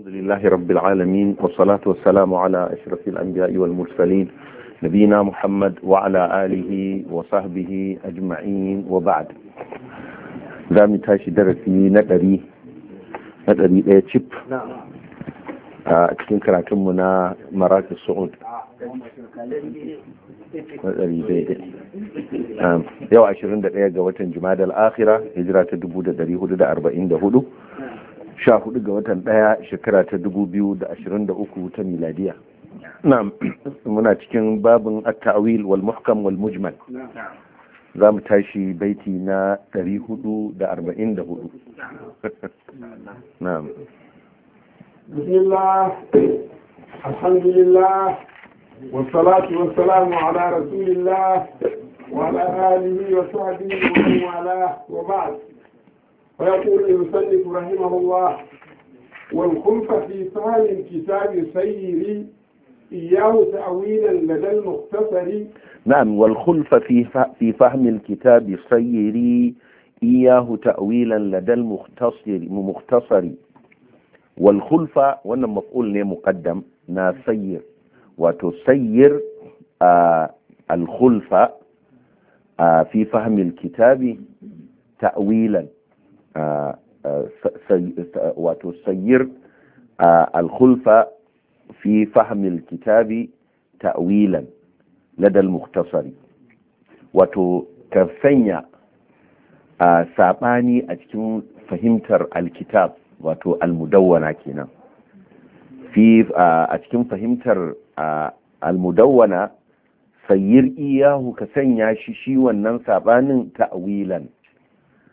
الحمد لله رب العالمين والصلاة والسلام على أشرف الأنبياء والمرسلين نبينا محمد وعلى آله وصحبه أجمعين وبعد زامي تاشي درسي نقري نقري ايه تشيب cikin karatunmu na marakis su'ud yau 21 ga watan jima'a da al'akhira hijira ta 1444 sha hudu ga watan daya shekara ta dubu biyu da ashirin da uku ta miladiya na muna cikin babin at-ta'wil wal muhkam wal mujmal za mu tashi baiti na ɗari hudu da arba'in da hudu na'am ويقول المسلف رحمه الله والخلف في فهم الكتاب سيري إياه تأويلا لدى المختصر نعم والخلف في في فهم الكتاب سيري إياه تأويلا لدى المختصر مختصر والخلف وانا مقول لي مقدم نا سير وتسير آه الخلف آه في فهم الكتاب تأويلا wato sayyir alkhulfa fi fahimil kitabi ta'wilan ladal muktasari wato ka sanya saɓani a cikin fahimtar alkitab wato almudawwana kenan a cikin fahimtar almudawwana sayyir iyahu ka sanya shi shi wannan saɓanin ta'wilan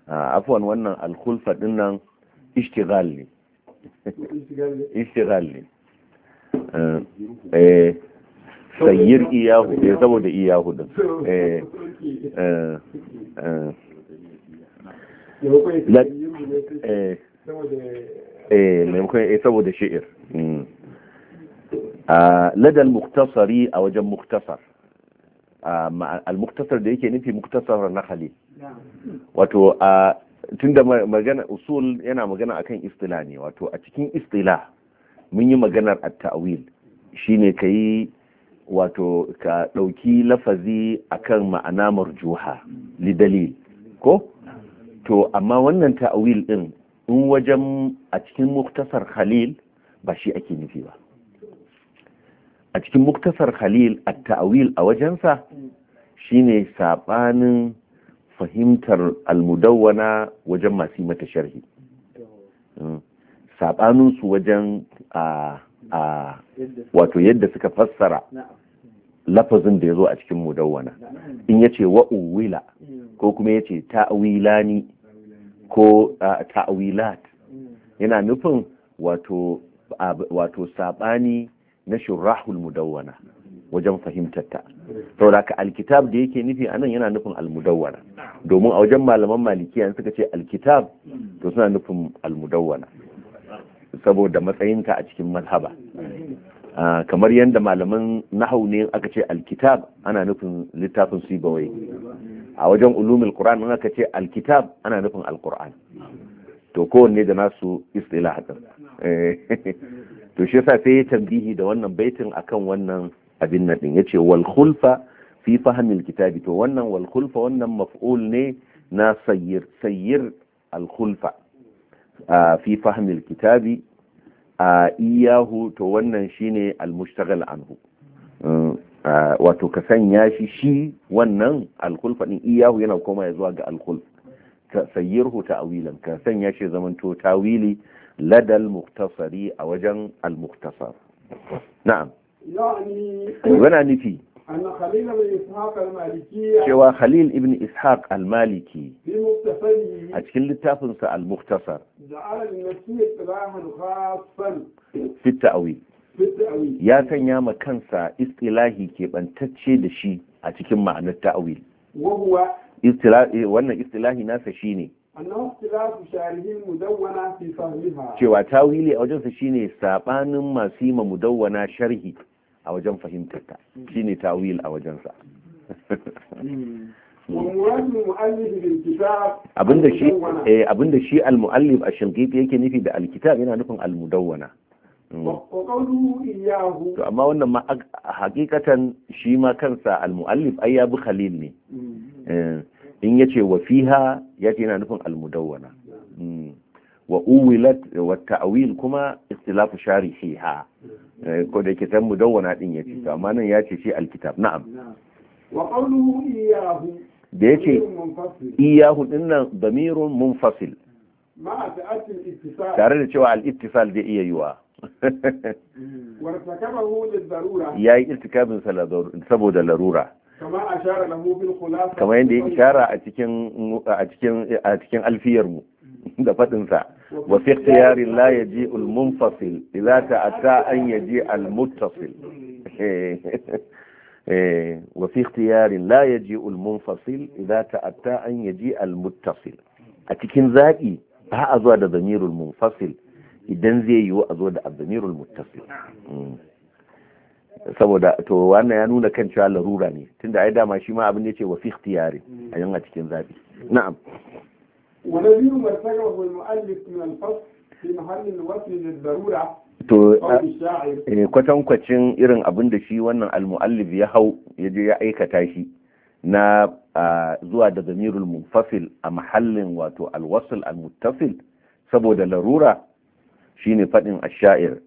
Ah, afwan wannan alkhulfa din nan ishtigal ne ah. eh, eh, sayyir iyahu eh saboda iyahu din eh eh eh, eh maimakon eh saboda shi'ir hmm. ah, ladal muktasari a wajen muktasar al-muktasar da yake nufi muktasar na khalil wato a tunda magana usul yana magana akan istila ne wato a cikin istila mun yi maganar shi tawil shine yi wato ka ɗauki lafazi akan ma'ana marjuha li dalil ko to amma wannan ta'wil din in wajen a cikin muktasar khalil ba shi ake nufi ba a cikin muktasar khalil a ta'awil a wajensa shine sabanin fahimtar almudawwana wajen masu mata sharhi mm. saɓaninsu wajen a wato yadda suka fassara lafazin da ya zo a cikin mudawana. in yace ce wa'uwila ko kuma yace ce ta'awilani ko ta'wilat yana nufin wato saɓani na shurahul mudawwana wajen fahimtarta saboda ka alkitab da yake nufi anan yana nufin almudawwana domin a wajen malaman malikiya suka ce alkitab to suna nufin almudawwana saboda matsayinta a cikin mazhaba kamar yadda malaman nahau ne aka ce alkitab ana nufin littafin sibawai a wajen ulumul qur'an in aka ce alkitab ana nufin alqur'an to kowanne da nasu istilah eh, to shi yasa sai ya tambihi da wannan baitin akan wannan abin nan din yace wal khulfa fi fahmil kitabi to wannan wal khulfa wannan maf'ul ne na sayyir sayyir al khulfa fi fahmil kitabi iyahu to wannan shine al mushtaghal anhu mm, wato ka sanya shi shi wannan khulfa din iyahu yana koma zuwa ga alkulf ka sayyirhu ta'wilan ka sanya shi zamanto tawili ladal muktasari a wajen al-muktasar na'am yana nufi cewa khalil ibn ishaq al-maliki a cikin littafinsa al-muktasar fitta awi ya sanya ma kansa istilahi keɓantacce da shi a cikin ma'anar ta'awil eh, wannan istilahi nasa shi shine cewa tawili a wajensa shi ne saɓanin masu yi ma mudawwana sharhi a wajen fahimtarta shine tawil a wajensa eh, abinda shi al-muallif ash yake nufi da al-kitab yana nufin al-mudawwana mm. to amma wannan ma hakikatan shi ma kansa al-muallif ai ya bi khalil ne mm. eh, in yace wa fiha yana nufin al-mudawwana mm. wa uwilat wa ta'wil kuma ikhtilafu sharihiha Eh, ko da kitan mudawwana din yace to amma nan yace shi alkitab na'am wa qawluhu iyahu da yace iyahu dinnan damirun munfasil tare da cewa al-ittisal da iya yiwa mm. ya yi irtikabin sa saboda larura kama yadda ya ishara a cikin alfiyar mu. da faɗinsa wa fi ikhtiyarin la yaji al munfasil idza ta'ata an yaji al muttasil eh, wa fi ikhtiyarin la yaji al munfasil idza ta'ata an yaji al muttasil a cikin zaƙi ba a zuwa da zamirul munfasil idan zai yiwu a zo da zamirul muttasil hmm. saboda to wannan ya nuna kan cewa larura ne tunda ai dama shi ma abin ya ce wa fi ikhtiyarin a a cikin zaɓi na'am ونذير ما ارتكبه المؤلف من الفصل في محل الوصل للضرورة to kwatankwacin irin abin da shi wannan almu'allif ya hau ya je ya aikata shi na zuwa da zamirul munfasil a mahallin wato alwasul almuttasil saboda larura shine faɗin ashair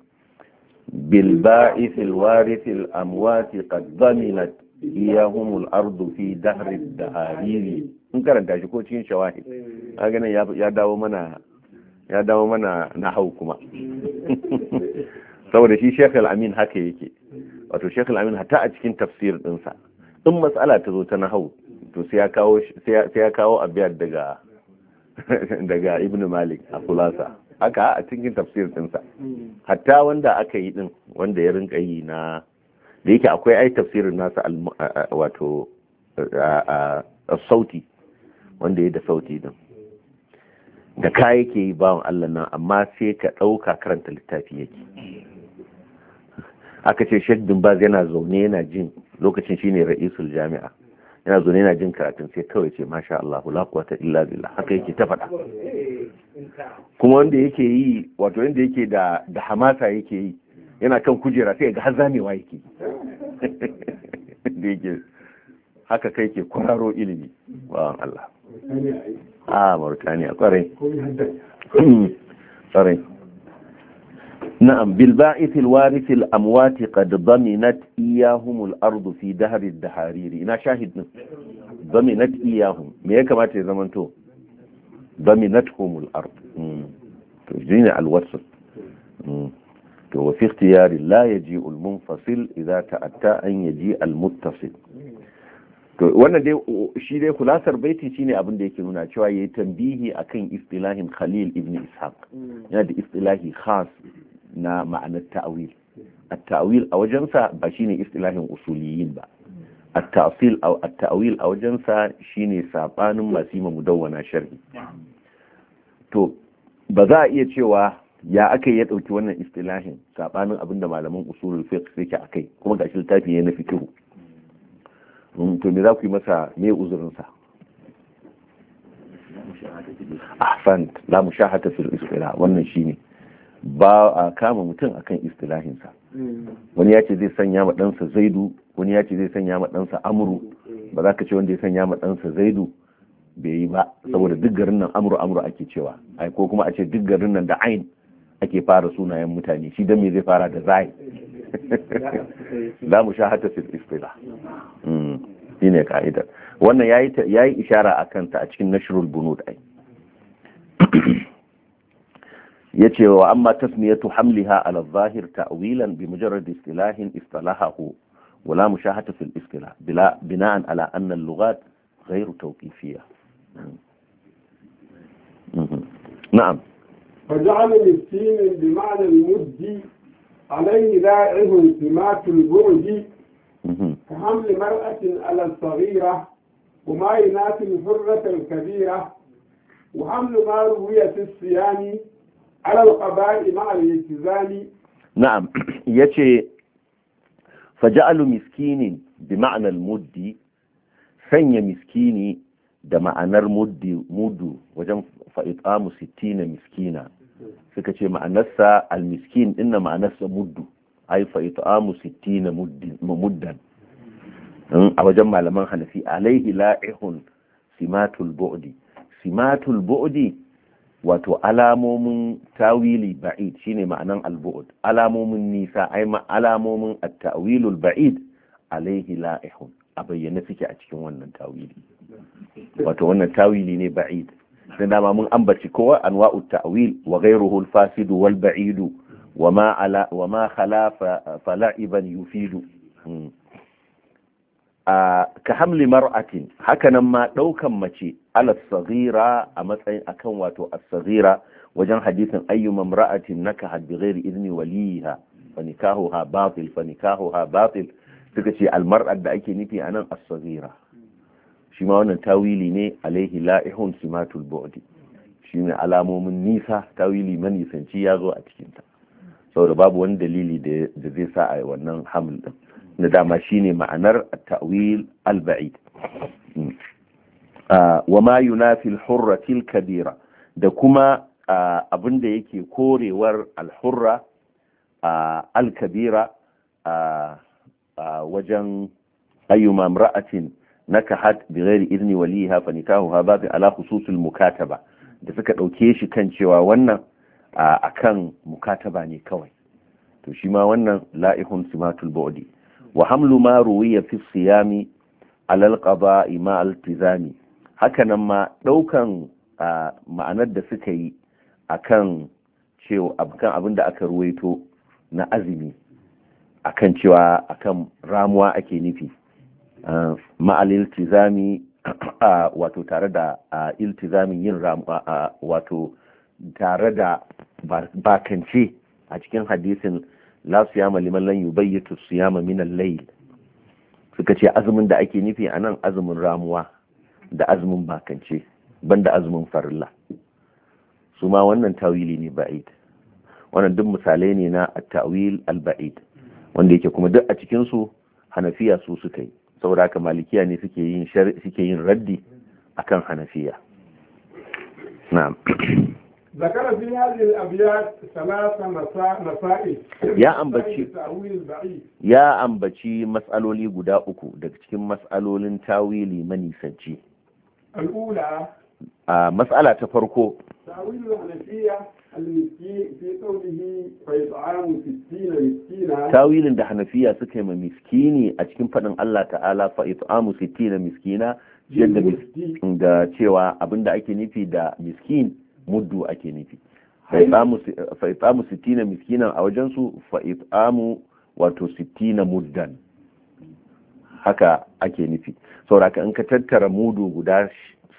bil ba'ithil warithil amwati qad zaminat iyahumul ardu fi dahri dahariri in karanta shi ko cikin shawahid kaga nan ya dawo mana ya dawo mana hau kuma saboda shi Sheikh Al-Amin haka yake wato Sheikh Al-Amin hatta a cikin tafsir sa in mas'ala ta zo ta nahau to sai ya kawo sai ya kawo abiyar daga daga Ibn Malik a kulasa haka a cikin tafsir sa. hatta wanda aka yi din wanda ya rinka yi na da yake akwai ai tafsirin nasa wato sauti wanda ya da sauti din da ka yake yi bawon Allah nan amma sai ka ɗauka karanta littafi yake aka ce Sheikh Dimbaz yana zaune yana jin lokacin shine ra'isul jami'a yana zaune yana jin karatun sai kawai ce masha Allah la quwwata illa billah haka yake ta faɗa kuma wanda yake yi wato wanda yake da da hamasa yake yi yana kan kujera sai ga har wa yake da yake haka kai ke kwararo ilimi wa Allah a ah, Mauritania kwarai kwarai na'am bil ba'ithil warithil amwati qad daminat al ard fi al dahariri ina shahid din daminat iyahum me ya kamata ya daminat humul ard hmm. to al alwasl hmm. to wa fi ikhtiyari la yaji al munfasil idza ta'atta an yaji al muttasil to wannan dai shi dai kulasar baiti shine abin da yake nuna cewa yayi tambihi akan istilahin Khalil ibn Ishaq yana da istilahi khas na ma'anar ta'wil at-ta'wil a wajensa ba shine istilahin usuliyin ba at-ta'sil aw at-ta'wil a wajensa shine sabanin masu mudawwana sharhi to ba za a iya cewa ya aka ya ɗauki wannan istilahin saɓanin abin da malaman usulul fiqh suke a kai kuma ga littafi ne na fikihu mm, to me za ku yi masa me uzurinsa ahsan la mushahata fil istila wannan shine ba a kama mutum akan istilahinsa wani ya ce zai sanya ma dansa zaidu wani ya ce zai sanya ma dansa amru ba za ka ce wanda ya sanya ma dansa zaidu bai yi ba saboda duk garin nan amru amru ake cewa ai ko kuma a ce duk garin nan da ain ake fara sunayen mutane shi don me zai fara da zai la mu sha hata fil istila mm, shi ne ka'idar wannan ya yi ishara a kanta a cikin nashirul bunud ai ya ce wa amma tasmiyatu hamliha ala zahir ta'wilan bi mujarrad istilahin istalahahu wala mushahata fil istila bila bina'an ala anna al-lughat ghayru tawqifiyya mm-hmm. Mm-hmm. na'am نعم. فجعل مسكين بمعنى المد عليه داعه سمات البرج كحمل مرأة على الصغيرة وما ينافي الحرة الكبيرة وحمل ما روية الصيام على القباء مع الالتزام نعم يتي فجعل مسكين بمعنى المد sanya مسكيني دمعنا المدي مدو وجم فإطعام ستين مسكينا suka ce ma'anarsa almiskin ɗin na ma'anarsa muddu ai fa it'amu na muddan hmm, a wajen malaman hanafi alaihi la'ihun simatul bu'di simatul bu'di wato alamomin tawili ba'id shine ma'anan al-bu'd alamomin nisa ai ma alamomin at-tawilul ba'id alaihi la'ihun a bayyane suke a cikin wannan tawili wato wannan tawili ne ba'id da dama mun ambaci kowa anwa'u ta'wil wa ghayruhu al-fasid wal ba'id wa ma ala wa ma fala'iban yufidu hmm. ka hamli mar'atin hakanan ma daukan mace ala saghira a matsayin akan wato as-saghira wajen hadisin ayyuma mar'atin nakahat bi ghairi idni waliha fa nikahuha batil fa nikahuha batil suka ce al-mar'at da ake nufi anan as-saghira shi ma wannan tawili ne alaihi la'ihun simatul bu'di shi ne alamomin nisa tawili manisanci ya zo a cikinta saboda babu wani dalili da zai sa a wannan haml din na dama shi ne ma'anar tawil alba'id hmm. wa ma yunafi hurratil kabira da kuma abin da yake korewar alhurra, al-kabira wajen ayyuma imra'atin nakahat bi ghairi izni waliha fa nikahuha babi ala khususul mukataba da suka dauke shi kan cewa wannan akan mukataba ne kawai to shi ma wannan la'ihun simatul ba'di wa hamlu ma ruwiya fi siyami ala alqada'i ma altizami haka nan ma daukan ma'anar da suka yi akan cewa abin da aka ruwaito na azumi akan cewa akan ramuwa ake nufi Ma'aliltizami a wato tare da iltizamin yin wato tare da bakance a cikin hadisin la siyama liman lan yubayyitu siyama min al-layl suka ce azumin da ake nufi a nan azumin ramuwa da azumin bakance banda azumin farilla su ma wannan tawili ne ba'id wannan duk misalai ne na at-tawil al wanda yake kuma duk a cikin su hanafiya su suka yi saboda haka malikiya ne suke yin suke yin raddi akan hanafiya na'am zakara fi hadhihi al-abyad thalatha masa'il ya ambaci ya ambaci masaloli guda uku daga cikin matsalolin tawili manisanci. a matsala ta farko tawilin da hanafiya suka yi ma miskini a cikin faɗin Allah ta'ala fa it'amu sittina miskina yadda da cewa abinda ake nufi da miskin muddu ake nufi fa it'amu sittina miskina a wajen su fa it'amu wato sittina muddan haka ake nufi saboda in ka tattara mudu guda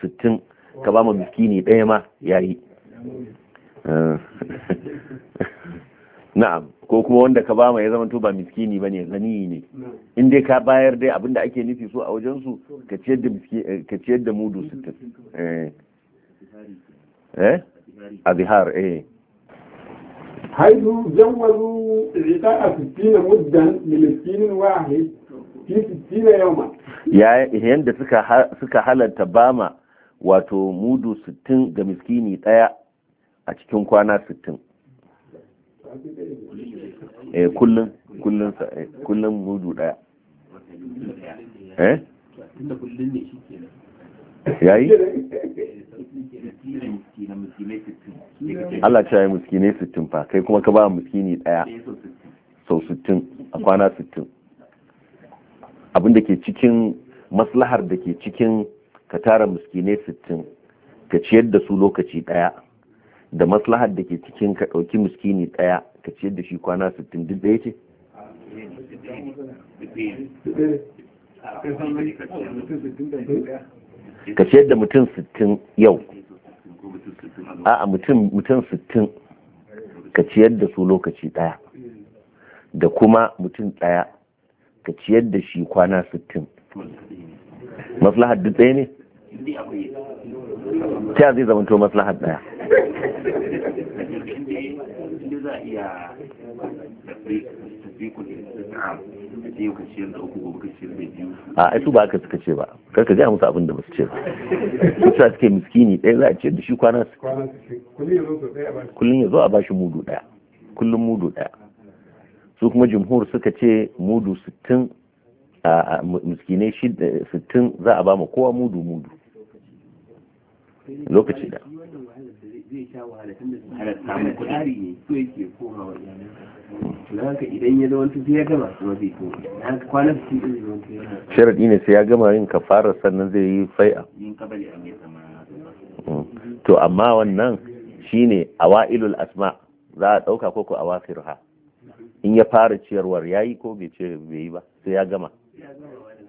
sittin ka ba mu miskini ɗaya ma yi na'am ko kuma wanda ka bama ya zama to ba miskini ne gani ne in dai ka bayar dai abinda ake nufi so a wajen su ka ciyar da mudu ciyar da mudu 60 eh eh azhar eh haidu rika a 60 muddan miskinin wahid fi 60 yawma ya yanda suka suka halatta bama wato mudu sittin ga miskini ɗaya a cikin kwana sittin eh kullum kullum eh, kullum mudu ɗaya eh yayi Allah ya yi miskinai sittin fa kai kuma ka ba miskini ɗaya sau sittin a kwana sittin abin da ke cikin maslahar da ke cikin ka tara miskinai sittin ka ciyar da su lokaci ɗaya da maslahar da ke cikin ka ɗauki miskini ɗaya ka ciyar da shi kwana sittin duk ya ce ka ciyar da mutum sittin yau a mutum sittin ka ciyar da su lokaci ɗaya da kuma mutum ɗaya ka ciyar da shi kwana sittin maslahar duk ɗaya ne ta zai zama to maslahar daya a su ba aka suka ce ba kar ka gaya musu abin da basu ce ba su sa suke miskini ɗaya za a ce da shi kwana su kullum ya zo a bashi mudu ɗaya kullum mudu ɗaya su kuma jimhur suka ce mudu 60 a miskinai 60 za a ba ma kowa mudu mudu lokaci da sharaɗi ne sai ya gama yin kafara sannan zai yi fai'a mm. to amma wannan shine awailul asma za a ɗauka ko ko awasirha in ya fara ciyarwar yayi ko bai ce bai yi ba sai ya gama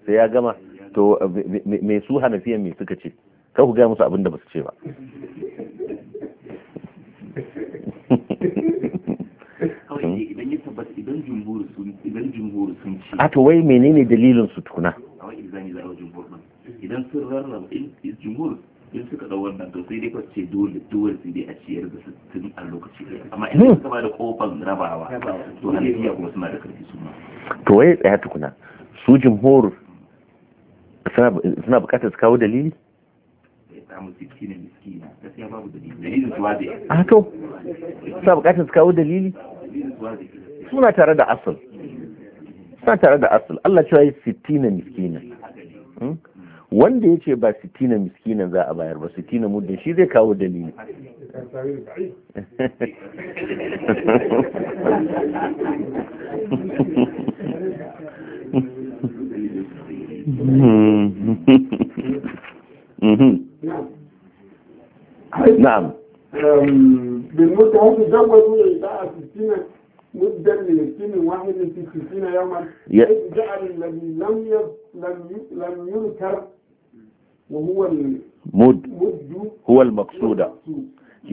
sai ya gama to me su hanafiyan me suka ce Ka ku gaya musu abin da ba su ce ba a to wai menene dalilin su tukuna idan sun rarraba in jumhur in suka ɗau wannan to sai dai ka ce dole dole sai dai a ciyar da sittin a lokaci amma idan suka ba da kofar rabawa to halittiya kuma suna da karfi su to wai tsaya tukuna su jumhur suna bukatar su kawo dalili samu sikina miskina gaskiya babu dalili dalilin su wazi a ah, to sa bukatar su kawo dalili suna tare da asal suna tare da asal Allah cewa yi sittina miskina hmm? wanda ya ce ba sittina miskina za a bayar ba sittina muddin shi zai kawo dalili Hmm. Mm-hmm. na'am bin wasu jagwaru ne za a fitina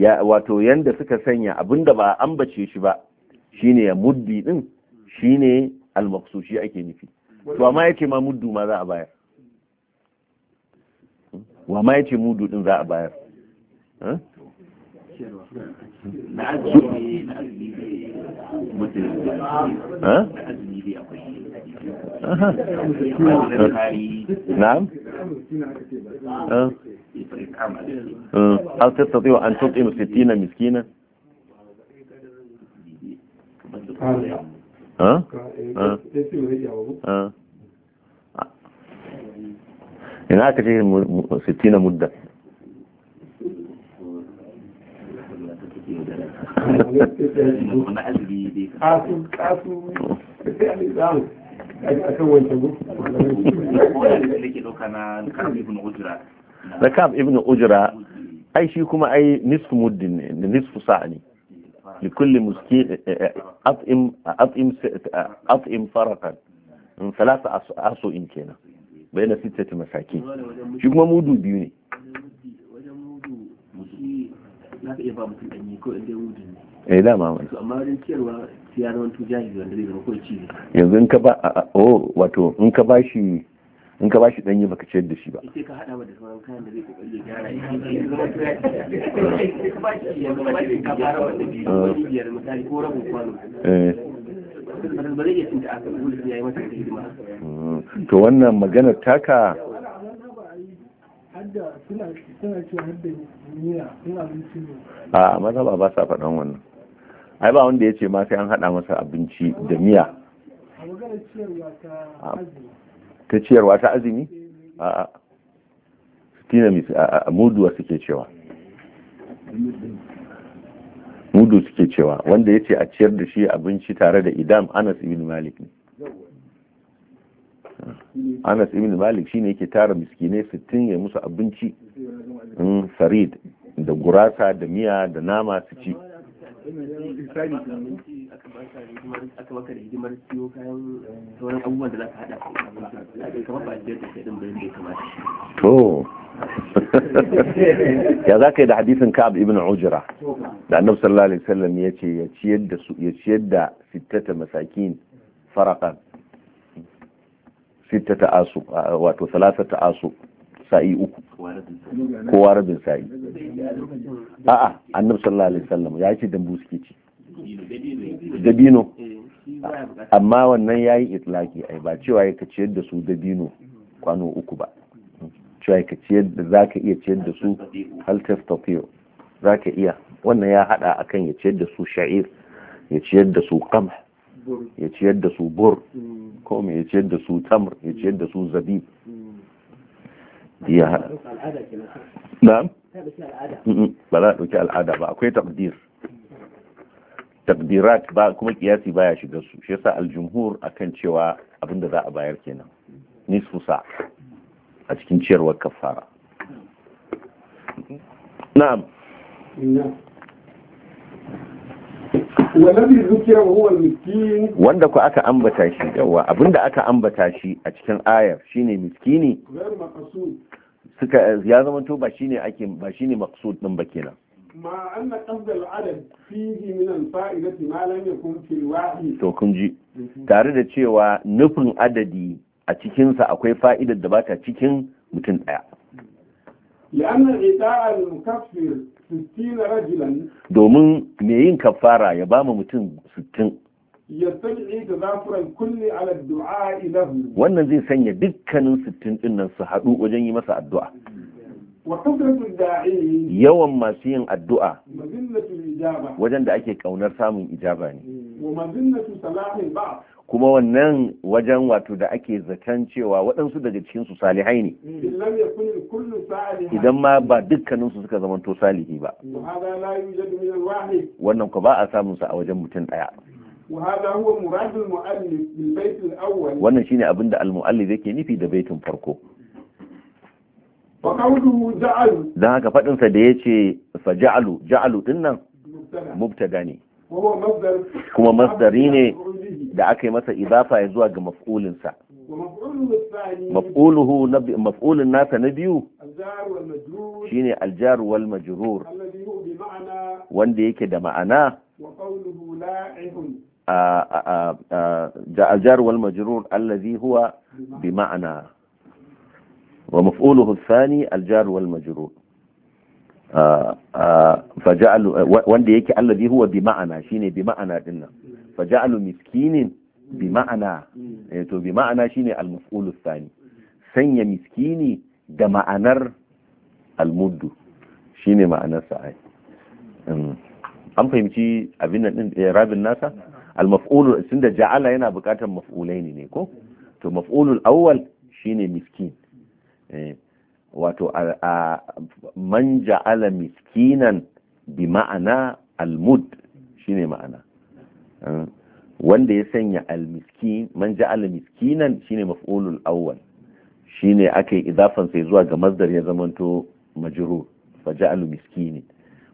ya wato yanda suka sanya abinda ba ambace shi ba shine ya muddi din shine al ake nufi to amma yace ma muddu ma za a bayar wa ma ya ce mudu in za a bayar na'am an an tsotse mu sai يعني قعدت فيه ستين مدة ركاب ابن أجرة أي شيء كما أي نصف مد نصف صعني لكل مسكين أطئم أطئم أطئم فرقا من ثلاثة أصو إن كان bai na masaki shi kuma mudu biyu ne eh dama amma wajen ciyarwa yanzu in ka ba oh wato in ka ba shi in ka danyi baka ciyar da shi ba sai ka hada da kayan da zai kokari Hmm. to wannan maganar taka a maza ba sa faɗan wannan ai ba wanda ya ce ma sai an haɗa masa abinci da miya ta ciyarwa ta azumi a tina muduwa suke cewa mudu suke cewa wanda ya ce a ciyar da shi abinci tare da idam anas ibn malik ne anas ibn malik shine yake tara miskinai sittin ya musu abinci mm, farid da gurasa da miya da nama su ci aka maka da hidimar siyo kayan sauran abubuwan da za ka hada ba da bayan da ya kamata to ya za ka yi da hadisin ka'ab ibn ujra da annabi sallallahu alaihi wasallam ya ce ya ciyar da su ya ciyar da sittata masakin faraqan sittata asu wato salasata asu sa'i uku ko rabin sa'i a'a annab sallallahu alaihi wasallam ya ce dambu suke ci dabino amma wannan yayi itlaki ai ba cewa ya ciyar da su dabino kwano uku ba cewa ya ciyar da zaka iya ciyar da su hal tastati'u zaka iya wannan ya hada akan ya ciyar da su sha'ir ya ciyar da su qamh ya ciyar da su bur ko ya ciyar da su tamr ya ciyar da su zabib ya ba za a ɗauki al'ada ba akwai takdir takdirat ba kuma kiyasi baya shiga su shi yasa aljumhur akan cewa abinda za a bayar kenan nisfu sa a cikin ciyarwar kafara na'am wanda ku aka ambata shi yawa abinda aka ambata shi a cikin ayar shine miskini suka ya zama to ba shine ake ba shine maqsud din ba kenan ma anna qabda al fihi min al-fa'idati ma lam yakun fi to kun ji tare da cewa nufin adadi a cikinsa akwai fa'idar da ba ta cikin mutum ɗaya domin me yin kafara ya ba mu mutum sittin. wannan zai sanya dukkanin sittin ɗin nan su haɗu wajen yi masa addu'a yawan masu yin addu'a wajen da ake ƙaunar samun ijaba ne kuma wannan wajen wato da ake zaton cewa waɗansu daga cikinsu salihai ne idan ma ba dukkaninsu suka zamanto salihi ba wannan ku ba a samunsa a wajen mutum ɗaya wannan shine abin da al yake nufi da baitin farko don haka faɗinsa da ya ce fa ja'alu ja'alu ɗin nan mubtada ne kuma masdari ne da aka yi masa idafa ya zuwa ga maf'ulinsa maf'uluhu maf'ulun nasa na biyu shine aljar wal majrur wanda yake da ma'ana da aljar wal majrur allazi huwa bi ma'ana wa maf'uluhu thani aljar wal majrur wanda yake allazi huwa bi ma'ana shine bi ma'ana dinnan fa ja'alu miskinin bi ma'ana eh, to bi ma'ana shine al-maf'ulus sani sanya miskini da ma'anar al-muddu shine ma'anar sa mm. an fahimci abin nan din eh, rabin nasa al-maf'ul tunda ja'ala yana buƙatar maf'ulaini ne ko to maf'ulul awwal shine miskin eh, wato a man ja'ala miskinan bi ma'ana almud mudd shine ma'ana wanda ya sanya almiskin man ja'ala miskinan shine maf'ulul awwal shine aka yi idafan sai zuwa ga masdar ya zamanto majrur faja'alu miskinin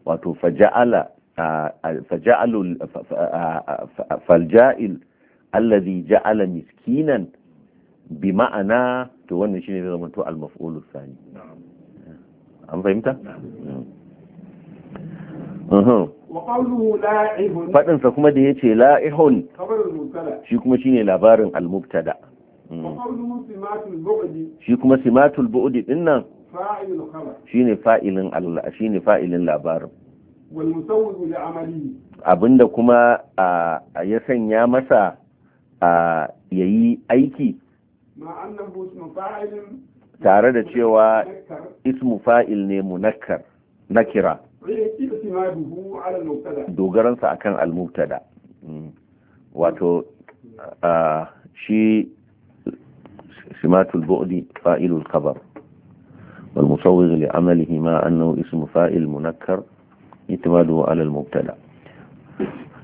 wato faja'ala faja'alu falja'il alladhi ja'ala miskinan bi ma'ana to wannan shine zai zamanto al-maf'ulul sani an fahimta faɗinsa kuma da ya ce la'ihun shi kuma shine labarin al-mubtada shi kuma simatul bu'di din nan shine fa'ilin shine fa'ilin labarin abinda kuma ya sanya masa yayi aiki tare da cewa ismu fa'il ne munakkar nakira dogaransa akan al-mubtada mm. wato shi simatul bu'di fa'ilul khabar wal musawwir li amalihi ma annahu ismu fa'il munakkar itimadu ala al-mubtada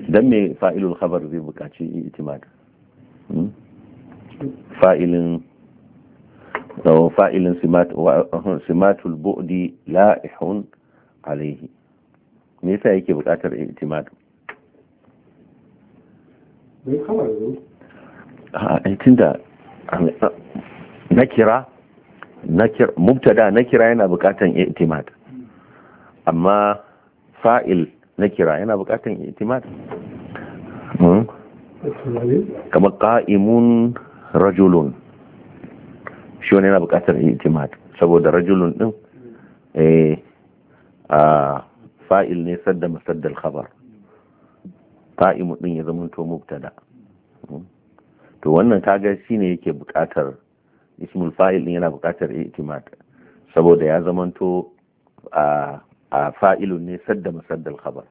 dan me fa'ilul khabar zai bukaci itimad mm. fa'ilin فاعل سمات سمات البؤد لائح alaihi me yasa yake buƙatar itimad tunda nakira mubtada nakira yana buƙatar itimad amma fa'il nakira yana buƙatar itimad hmm? kama ƙa'imun rajulun shi wani yana buƙatar itimad saboda rajulun ɗin eh, a fa'il ne sadda musaddal khabar fa'imu din ya zama to to wannan kaga ne yake buƙatar ismul fa'il din yana buƙatar i'timad saboda ya zama to a fa'ilun ne sadda musaddal khabar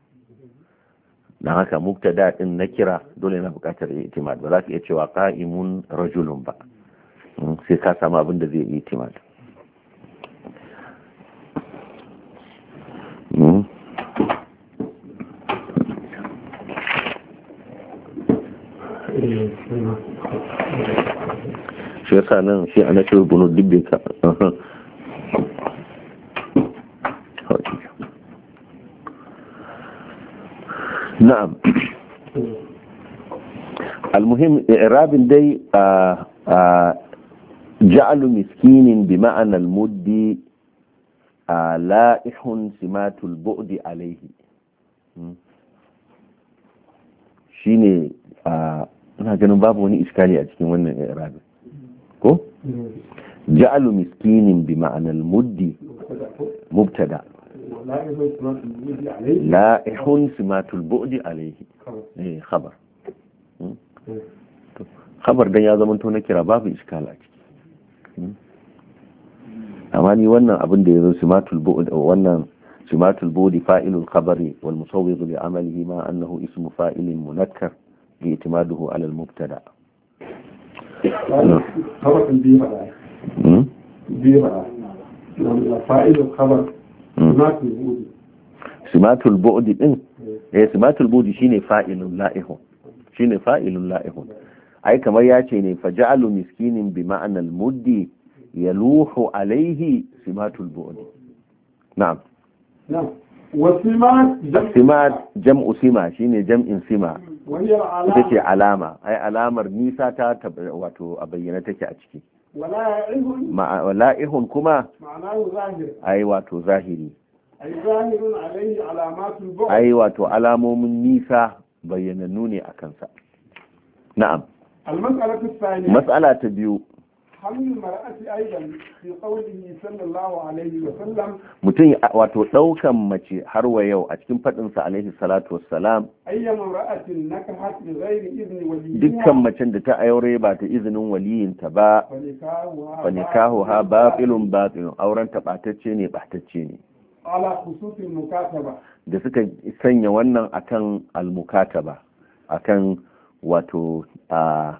dan haka mubtada din na kira dole yana bukatar i'timad ba za ka iya cewa qa'imun rajulun ba sai ka samu abin da zai i'timad نعم المهم إعراب دي آه, آه، جعل مسكين بمعنى المد آه، لائح سمات البعد عليه شيني آه، أنا جنوب بابوني إشكالي أجتني من إعراب جعل مسكين بمعنى المدي مبتدا لائح سمات البعد عليه خبر إيه، خبر دنيا زمن تونا كرا باب إشكالات أماني وانا أبن دي سمات البعد وانا سمات البعد فائل الخبر والمصوغ لعمله ما أنه اسم فائل منكر لإعتماده على المبتدأ خبر بي فدا بي فدا فاعل الخبر سمات البعد سمات البعد din eh simatul budi shine fa'ilun la'ihun shine fa'ilun la'ihun ai kamar ya ce ne faja'alu miskinin bi ma'anal muddi yaluhu alaihi simatul budi na'am na'am wasimat jam'u sima shine jam'in sima ita ce alama ai alamar nisa ta wato a bayyana take a ciki Wala ihun kuma ai wato zahiri ai wato alamomin nisa bayyanannu ne a kansa na'am mas'ala ta biyu hamlul mar'ati aidan fi qawlihi sallallahu alaihi wa sallam mutum wato daukan mace har wa yau a cikin fadin sa alaihi salatu wassalam ayyam mar'atin nakahat bi ghairi izni waliyyi dukkan macen da ta aure ba ta izinin ta ba fa nikahu ha batilun batilun auren ta batacce ne batacce ne ala khususin mukataba da suka sanya wannan akan al-mukataba akan wato a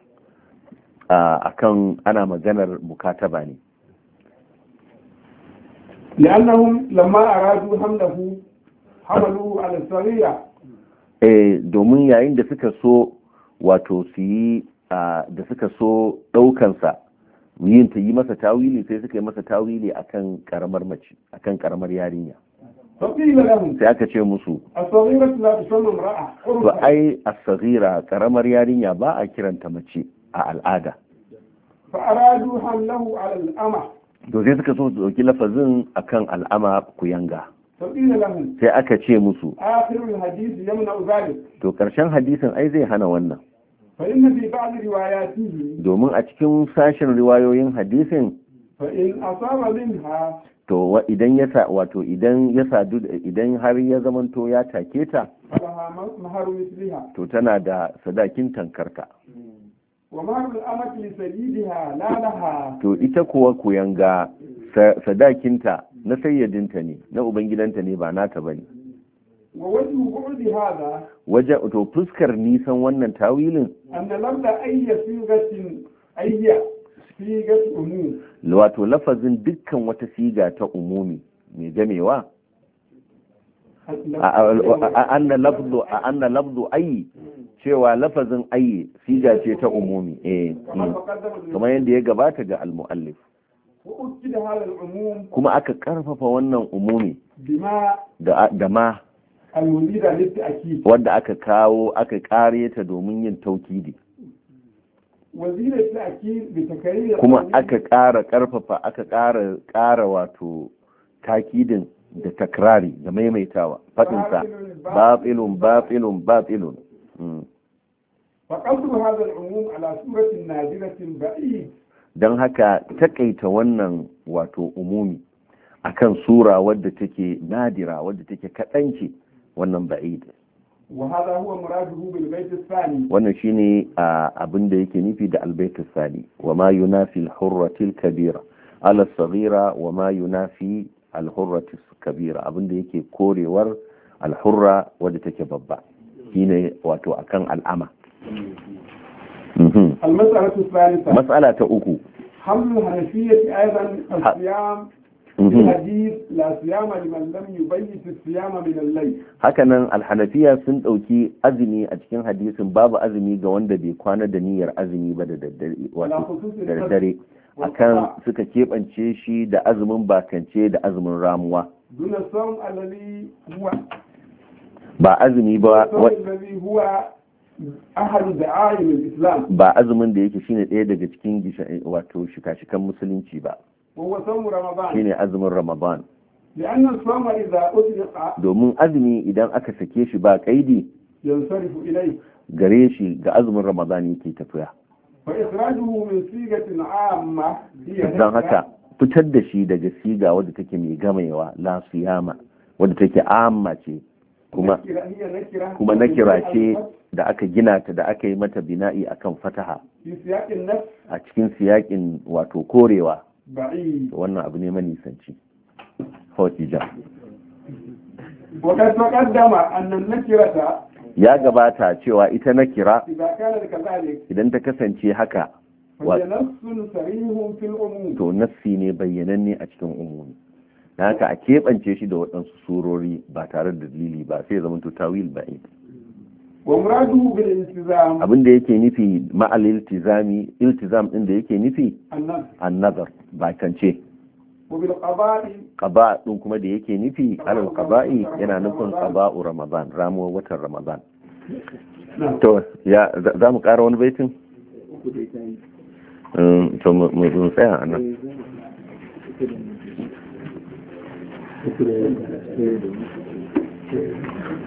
akan ana maganar ba ne eh domin yayin da suka so wato su yi da suka so ɗaukansa yin ta yi masa tawili sai suka yi masa tawili akan ƙaramar mace kan ƙaramar yarinya sai aka ce musu to ai as yarinya ba a kiranta mace a al'ada fa'aradu hallahu al'ama to sai suka so su ɗauki lafazin akan al'ama ku yanga. sai aka ce musu to karshen hadisin ai zai hana wannan domin a cikin sashen riwayoyin hadisin to idan ya sa wato idan ya sadu idan har ya zamanto ya take ta to tana da sadakin tankarta hmm. to ita kuwa yanga sadakinta na sayyadinta ne na ubangidanta ne ba nata ba ne wajen to fuskar nisan wannan tawilin wato lafazin dukkan wata siga ta umumi mai gamewa anna lafzu anna lafzu ayi cewa lafazin ayi siga ce ta umumi eh hmm. kamar yadda ya gabata ga al-muallif kuma aka karfafa wannan umumi da ma wanda aka kawo aka kare ta domin yin taukidi kuma aka ƙara ƙarfafa aka ƙara ƙara wato takidin da takrari da maimaitawa faɗinsa batilun batilun ba'i. don haka takaita wannan wato umumi akan sura wadda take nadira wadda take kaɗanci wannan ba'id وهذا هو مراده بالبيت الثاني وانا شيني ابن da يكي نفي Wa البيت الثاني وما ينافي الحرة الكبيرة على الصغيرة وما ينافي alhurratu kabira abinda yake korewar alhurra wadda take babba shine wato akan al'ama mhm. mas'ala ta uku hamlu hanafiyyati aidan asiyam Hakanan alhanafiya sun ɗauki azumi a cikin hadisin babu azumi ga wanda bai kwana da niyyar azumi ba da daddare. akan suka keɓance shi da azumin bakance da azumin ramuwa ba azumi ba ba azumin da yake shine ɗaya daga cikin wato shika-shikan musulunci ba shine azumin ramadan domin azumi idan aka sake shi ba kaidi gare shi ga azumin ramadan yake tafiya don haka fitar da shi daga siga wadda take mai gamewa la siyama wadda take amma ce kuma kuma na ce da aka gina ta da aka yi mata bina'i akan fataha a cikin siyakin wato korewa wannan abu ne manisanci hotija wakar ta kaddama annan na kirata ya gabata cewa ita na kira idan ta kasance haka to nassi ne bayyananne a cikin umumi na haka a keɓance shi da waɗansu surori ba tare da dalili ba sai zama tawil ba abin da yake nufi ma'al iltizami iltizam ɗin da yake nufi annazar bakance ƙaba ɗin kuma da yake nufi alal ƙaba'i yana nufin ƙaba'u ramadan ramuwar watan ramadan to ya za mu ƙara wani baitin to mu tsaya a nan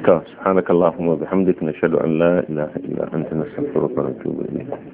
to subhanakallahumma bihamdika nashhadu an la ilaha illa anta nastaghfiruka wa